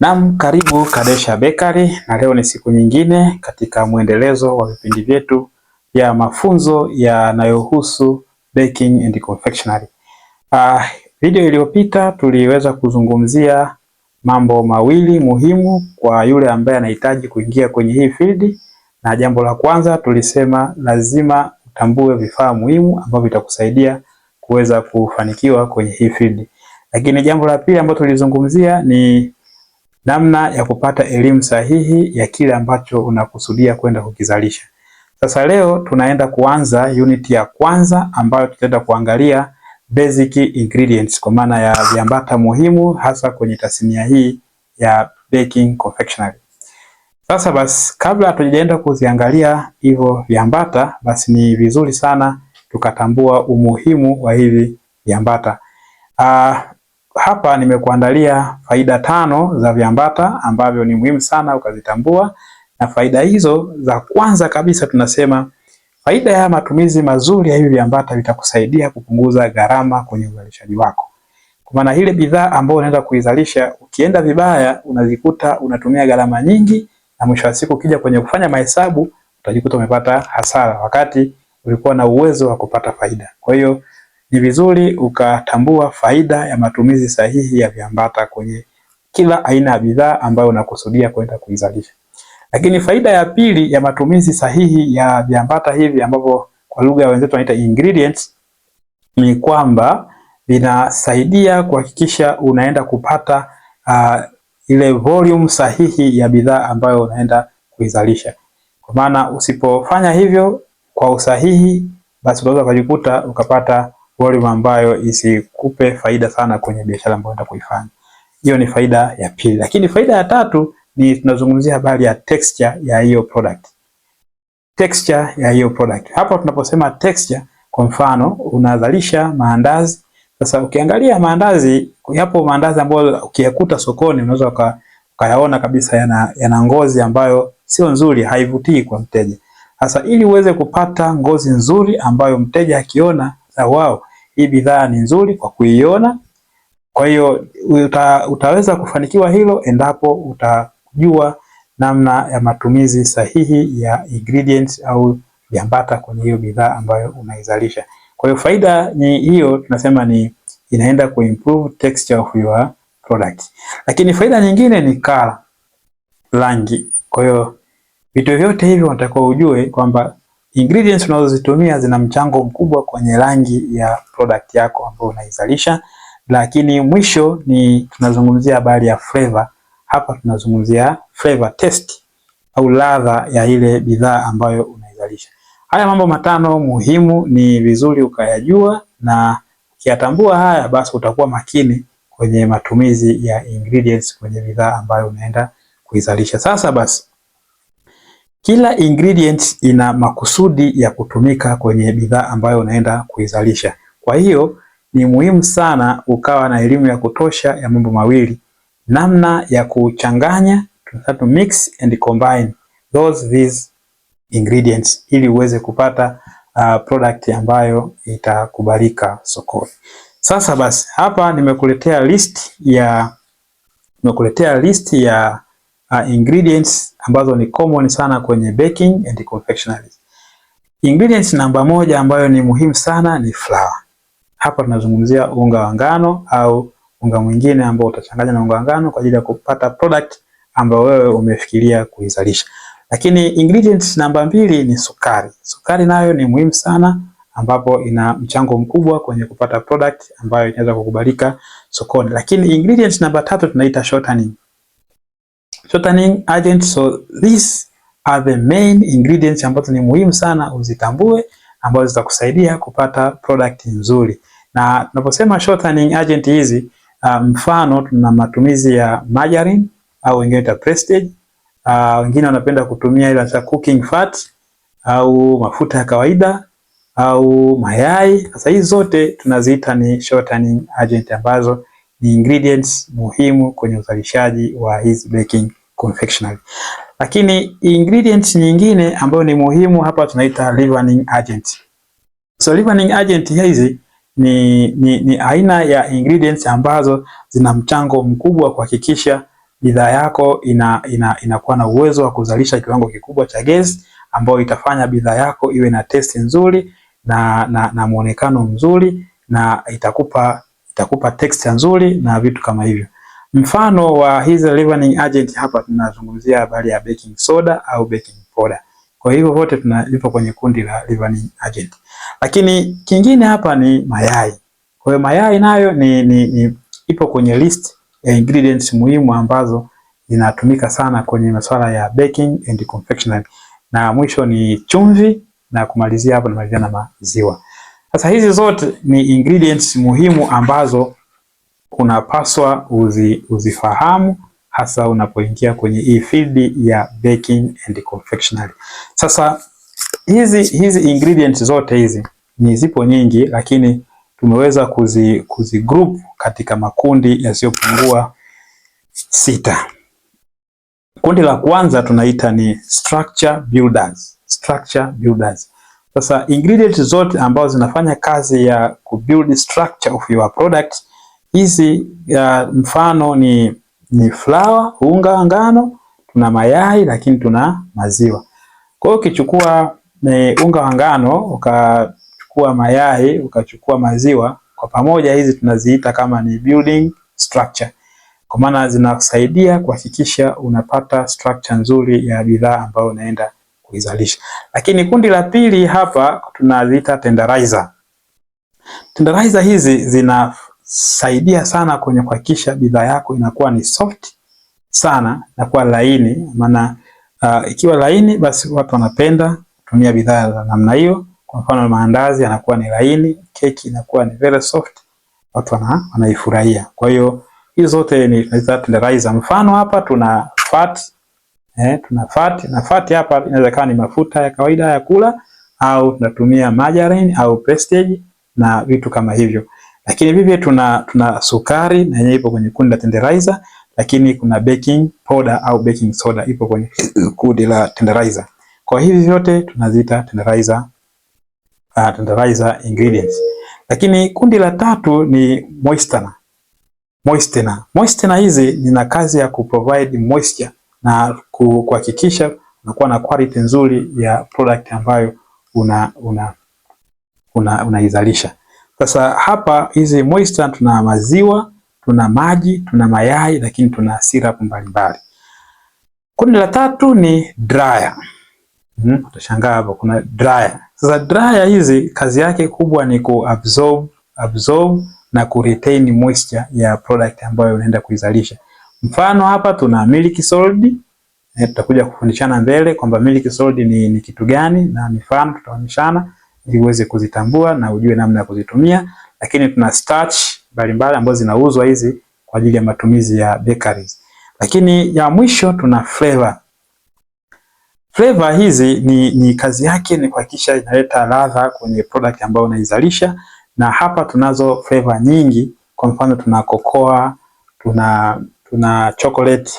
Naam, karibu Kadesha Bakery, na leo ni siku nyingine katika mwendelezo wa vipindi vyetu vya mafunzo yanayohusu baking and confectionery. Uh, video iliyopita tuliweza kuzungumzia mambo mawili muhimu kwa yule ambaye anahitaji kuingia kwenye hii field, na jambo la kwanza tulisema lazima utambue vifaa muhimu ambavyo vitakusaidia kuweza kufanikiwa kwenye hii field, lakini jambo la pili ambalo tulizungumzia ni namna ya kupata elimu sahihi ya kile ambacho unakusudia kwenda kukizalisha. Sasa leo tunaenda kuanza unit ya kwanza ambayo tutaenda kuangalia basic ingredients kwa maana ya viambata muhimu hasa kwenye tasnia hii ya baking confectionery. Sasa basi, kabla hatujaenda kuziangalia hivyo viambata, basi ni vizuri sana tukatambua umuhimu wa hivi viambata. Uh, hapa nimekuandalia faida tano za viambata ambavyo ni muhimu sana ukazitambua, na faida hizo za kwanza kabisa tunasema faida ya matumizi mazuri ya hivi viambata vitakusaidia kupunguza gharama kwenye uzalishaji wako. Kwa maana ile bidhaa ambayo unaenda kuizalisha ukienda vibaya, unazikuta unatumia gharama nyingi, na mwisho wa siku ukija kwenye kufanya mahesabu utajikuta umepata hasara, wakati ulikuwa na uwezo wa kupata faida. Kwa hiyo ni vizuri ukatambua faida ya matumizi sahihi ya viambata kwenye kila aina ya bidhaa ambayo unakusudia kwenda kuizalisha. Lakini faida ya pili ya matumizi sahihi ya viambata hivi ambavyo kwa lugha ya wenzetu wanaita ingredients ni kwamba vinasaidia kuhakikisha unaenda kupata uh, ile volume sahihi ya bidhaa ambayo unaenda kuizalisha. Kwa maana usipofanya hivyo kwa usahihi, basi unaweza ukajikuta ukapata volume ambayo isikupe faida sana kwenye biashara ambayo unataka kuifanya. Hiyo ni faida ya pili, lakini faida ya tatu ni tunazungumzia habari ya texture ya hiyo product. Texture ya hiyo product. Hapa tunaposema texture, kwa mfano unazalisha maandazi. Sasa ukiangalia maandazi, yapo maandazi ambayo ukiyakuta sokoni unaweza ukayaona kabisa yana, yana ngozi ambayo sio nzuri, haivutii kwa mteja. Sasa ili uweze kupata ngozi nzuri ambayo mteja akiona, wow, hii bidhaa ni nzuri kwa kuiona. Kwa hiyo uta, utaweza kufanikiwa hilo endapo utajua namna ya matumizi sahihi ya ingredients au viambata kwenye hiyo bidhaa ambayo unaizalisha. Kwa hiyo faida ni hiyo, tunasema ni inaenda improve texture of your product, lakini faida nyingine ni color, rangi. Kwa hiyo vitu vyote hivyo unatakiwa ujue kwamba Ingredients unazozitumia zina mchango mkubwa kwenye rangi ya product yako ambayo unaizalisha, lakini mwisho ni tunazungumzia habari ya flavor. Hapa tunazungumzia flavor test au ladha ya ile bidhaa ambayo unaizalisha. Haya mambo matano muhimu ni vizuri ukayajua, na ukiyatambua haya, basi utakuwa makini kwenye matumizi ya ingredients kwenye bidhaa ambayo unaenda kuizalisha. Sasa basi kila ingredient ina makusudi ya kutumika kwenye bidhaa ambayo unaenda kuizalisha. Kwa hiyo ni muhimu sana ukawa na elimu ya kutosha ya mambo mawili, namna ya kuchanganya to mix and combine those these ingredients ili uweze kupata uh, product ambayo itakubalika sokoni. Sasa basi hapa nimekuletea list ya nimekuletea list ya uh, ingredients ambazo ni common sana kwenye baking and confectionery. Ingredients namba moja ambayo ni muhimu sana ni flour. Hapa tunazungumzia unga wa ngano au unga mwingine ambao utachanganya na unga wa ngano kwa ajili ya kupata product ambayo wewe umefikiria kuizalisha. Lakini ingredients namba mbili ni sukari. Sukari nayo ni muhimu sana ambapo ina mchango mkubwa kwenye kupata product ambayo inaweza kukubalika sokoni. Lakini ingredients namba tatu tunaita shortening shortening agent. So these are the main ingredients ambazo ni muhimu sana uzitambue, ambazo zitakusaidia kupata product nzuri. Na tunaposema shortening agent hizi, uh, mfano tuna matumizi ya margarine au wengine ta Prestige, uh, wengine wanapenda kutumia ile za cooking fat au mafuta ya kawaida au mayai. Sasa hizi zote tunaziita ni shortening agent ambazo ni ingredients muhimu kwenye uzalishaji wa hizi baking confectionery. Lakini ingredients nyingine ambayo ni muhimu hapa tunaita leavening agent. So leavening agent hizi ni, ni, ni aina ya ingredients ambazo zina mchango mkubwa wa kuhakikisha bidhaa yako ina inakuwa ina na uwezo wa kuzalisha kiwango kikubwa cha gesi ambayo itafanya bidhaa yako iwe na testi nzuri na, na, na muonekano mzuri na itakupa, itakupa texture nzuri na vitu kama hivyo. Mfano wa hizi leavening agent hapa tunazungumzia habari ya baking soda au baking powder. Kwa hivyo wote tunalipo kwenye kundi la leavening agent. Lakini kingine hapa ni mayai. Kwa hiyo mayai nayo ni, ni, ni ipo kwenye list ya ingredients muhimu ambazo zinatumika sana kwenye masuala ya baking and confectionery. Na mwisho ni chumvi na kumalizia hapo na maziwa. Sasa hizi zote ni ingredients muhimu ambazo unapaswa uzi, uzifahamu hasa unapoingia kwenye hii field ya baking and confectionery. Sasa hizi hizi ingredients zote hizi ni zipo nyingi, lakini tumeweza kuzi, kuzi group katika makundi yasiyopungua sita. Kundi la kwanza tunaita ni structure builders. Structure builders. Sasa ingredients zote ambazo zinafanya kazi ya kubuild structure of your product Hizi uh, mfano ni, ni flour, unga wa ngano, tuna mayai lakini tuna maziwa. Kwa hiyo ukichukua e, unga wa ngano ukachukua mayai ukachukua maziwa kwa pamoja, hizi tunaziita kama ni building structure, kwa maana zinasaidia kuhakikisha unapata structure nzuri ya bidhaa ambayo unaenda kuizalisha. Lakini kundi la pili hapa tunaziita tenderizer. Tenderizer hizi zina saidia sana kwenye kuhakikisha bidhaa yako inakuwa ni soft sana, inakuwa laini. Maana uh, ikiwa laini, basi watu wanapenda kutumia bidhaa za namna hiyo. Kwa mfano, maandazi yanakuwa ni laini, keki inakuwa ni very soft, watu wana, wanaifurahia. Kwa hiyo hizo zote ni tenderizer. mfano hapa tuna fat eh, tuna fat na fat hapa inaweza kuwa ni mafuta ya kawaida ya kula au tunatumia margarine au prestige na vitu kama hivyo. Lakini vivyo tuna, tuna sukari na yenyewe ipo kwenye kundi la tenderizer, lakini kuna baking powder au baking soda ipo kwenye kundi la tenderizer. Kwa hivi vyote tunaziita tenderizer, uh, tenderizer ingredients. Lakini kundi la tatu ni moistener. Moistener. Moistener hizi zina kazi ya kuprovide moisture na kuhakikisha unakuwa na quality nzuri ya product ambayo una unaizalisha una sasa hapa hizi moisture, tuna maziwa, tuna maji, tuna mayai, lakini tuna syrup mbalimbali. Kundi la tatu ni dryer. Hmm, utashangaa hapo kuna dryer. Sasa dryer hizi kazi yake kubwa ni kuabsorb, absorb na kuretain moisture ya product ambayo unaenda kuizalisha. Mfano hapa tuna milk solid. Eh, tutakuja kufundishana mbele kwamba milk solid ni, ni kitu gani na mifano tutaonyeshana ili uweze kuzitambua na ujue namna ya kuzitumia. Lakini tuna starch mbalimbali ambazo zinauzwa hizi kwa ajili ya matumizi ya bakeries. Lakini ya mwisho tuna flavor. Flavor hizi ni, ni kazi yake ni kuhakikisha inaleta ladha kwenye product ambayo unaizalisha, na hapa tunazo flavor nyingi. Kwa mfano tuna cocoa, tuna tuna chocolate,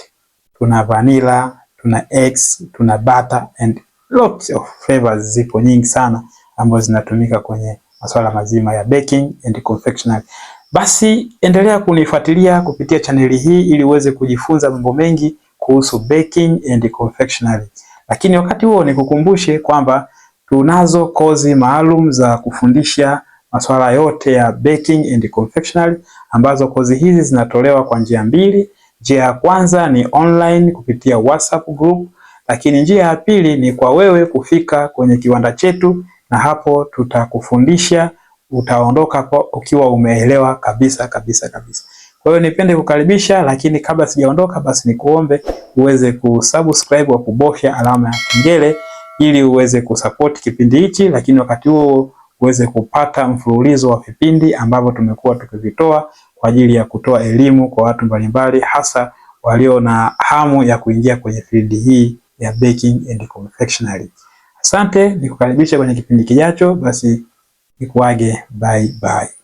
tuna vanilla, tuna eggs, tuna butter and lots of flavors zipo nyingi sana ambazo zinatumika kwenye masuala mazima ya baking and confectionery. Basi endelea kunifuatilia kupitia chaneli hii ili uweze kujifunza mambo mengi kuhusu baking and confectionery. Lakini wakati huo nikukumbushe kwamba tunazo kozi maalum za kufundisha masuala yote ya baking and confectionery ambazo kozi hizi zinatolewa kwa njia mbili. Njia ya kwanza ni online kupitia WhatsApp group, lakini njia ya pili ni kwa wewe kufika kwenye kiwanda chetu na hapo tutakufundisha, utaondoka kwa ukiwa umeelewa kabisa kabisa kabisa. Kwa hiyo nipende kukaribisha, lakini kabla sijaondoka, basi nikuombe uweze kusubscribe au kubofya alama ya kengele ili uweze kusupport kipindi hichi, lakini wakati huo uweze kupata mfululizo wa vipindi ambavyo tumekuwa tukivitoa kwa ajili ya kutoa elimu kwa watu mbalimbali, hasa walio na hamu ya kuingia kwenye field hii ya baking and confectionery. Asante, nikukaribisha kwenye kipindi kijacho, basi nikuage. Bye bye.